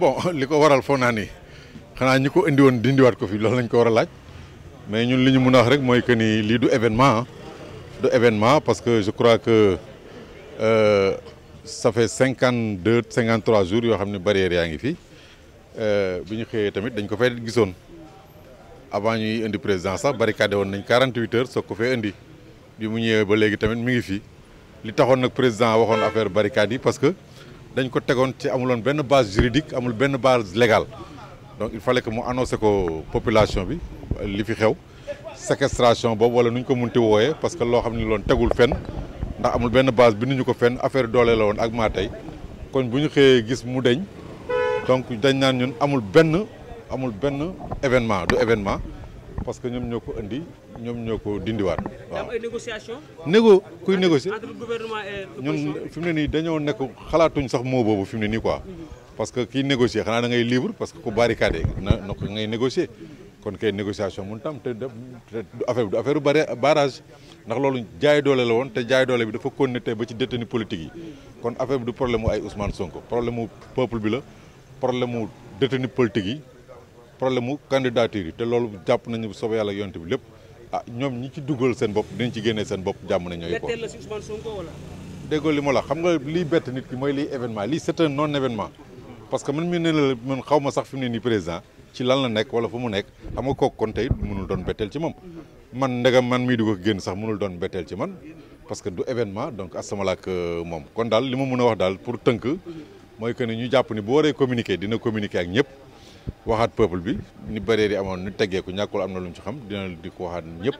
bon li ko waral foo naa ni xanaa ñi ko indi woon dindiwaat ko fi loolu lañ ko war a laaj mais ñun li ñu mun a wax rek mooy que ni lii du événement du événement parce que je crois que euh, ça cinquante deux cinquante trois jours yoo xam ne barrière yaa ngi fi euh, bi ñu xëyee tamit dañ ko fay gisoon avant ñuy indi président sax barricade woon nañ quarante huit heures soog ko fee indi bi mu ñëwee ba léegi tamit mi ngi fi. li taxoon nag président waxoon affaire barricade yi parce que dañ ko tegoon ci amuloon benn base juridique amul benn base légale donc il fallait que mu annoncé ko population bi li fi xew séquestration boobu wala nu ñu ko munti wooyee parce que loo xam ne loon tegul fen ndax amul benn base bi ñu ko fenn affaire doole la woon ak maa tey kon bu ñu xëyee gis mu deñ donc dañ naan ñun amul benn amul benn événement du événement parce que ñoom ñoo ko indi ñoom ñoo ko dindiwaat waaw ay négociation négo kuy négocier ñun fi mu ne nii dañoo nekk xalaatuñ sax moo boobu fi ne nii quoi mhm. parce que kii négocier xanaa da ngay libre parce que ku barricade na na ko ngay négocier kon kay négociation mun tam te affaire bi du affaire barage ndax loolu jaay doole la woon te jaay doole bi dafa continuer tey ba ci détenu politique yi kon affaire bi du problème mu ay Ousmane Sonko problème mu peuple bi la problème mu détenu politique yi problème mu candidature yi te loolu jàpp nañu soobee yàlla yonte bi lépp ah ñoom ñi ci dugal seen bopp dinañ ci génnee seen bopp jàmm na ñooy ko déggoo li ma la xam nga lii bett nit ki mooy liy événement lii c'est non événement parce que man mii ne la man xaw ma sax fi mu ne nii président ci lan la nekk wala fa mu nekk xam nga kooku kon tey mënul doon betteel ci moom man ndegam man mii dugg génn sax mënul doon betteel ci man parce que du événement donc asamalaak euh, moom kon daal li mun a wax daal pour tënk mooy que ne ñu jàpp ni bu waree communiquer dina communiquer ak ñëpp waxaat peuple bi ni barrière yi amoon ni teggeeku ñàkkul am na lu ñu ci xam dina di ko waxaat ñëpp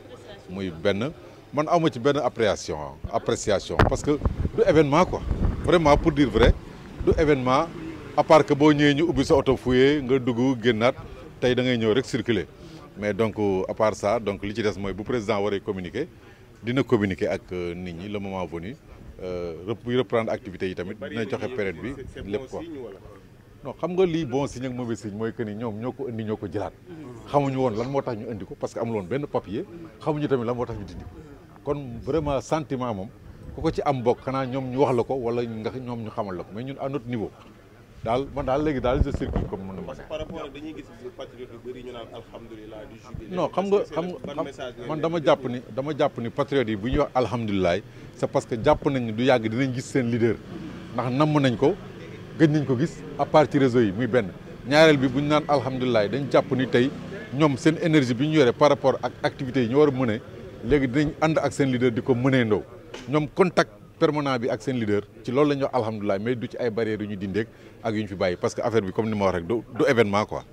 muy benn man awma ci benn appréciation appréciation parce que du événement ko vraiment pour dire vrai du événement à part que boo ñëwee ñu ubbi sa oto fuyee nga dugg génnaat tey dangay ñëw rek circuler mais donc à part donc li ci des mooy bu président waree communiqué dina communiquer ak euh, nit ñi le moment venu buy euh, reprendre activité yi tamit dina joxe période bi lépp quoi non xam nga lii bon signe ak mauvais signe mooy que ni ñoom ñoo ko indi ñoo ko jëlaat xamuñu woon lan moo tax ñu indi ko parce que amul woon benn papier xamuñu tamit lan moo tax ñu dindi ko kon vraiment sentiment moom ku ko ci am bokk xanaa ñoom ñu wax la ko wala nga ñoom ñu xamal la ko mais ñun à notre niveau daal man daal daal je circule comme mën na ma par rapport dañuy gis patriote yu bëri ñu naan alhamdulilah du xam nga xam man dama jàpp ni dama jàpp ni patriote yi bu ñu wax alhamdulilah c'est parce que jàpp nañ du yàgg dinañ gis seen leader ndax namm nañ ko gëj nañ ko gis à part ci réseau yi muy benn ñaareel bi bu ñu naan alhamdulilah dañ jàpp ni tey ñoom seen énergie bi ñu yore par rapport ak activités yi ñu war a mëne léegi dinañ ànd ak seen leader di ko mënee ndoo ñoom contact permanent bi ak seen leader ci loolu la ñuy wax alhamdulilah mais du ci ay barrières yu ñu dindeeg ak yu ñu fi bàyyi parce que affaire bi comme ni ma wax rek du événement quoi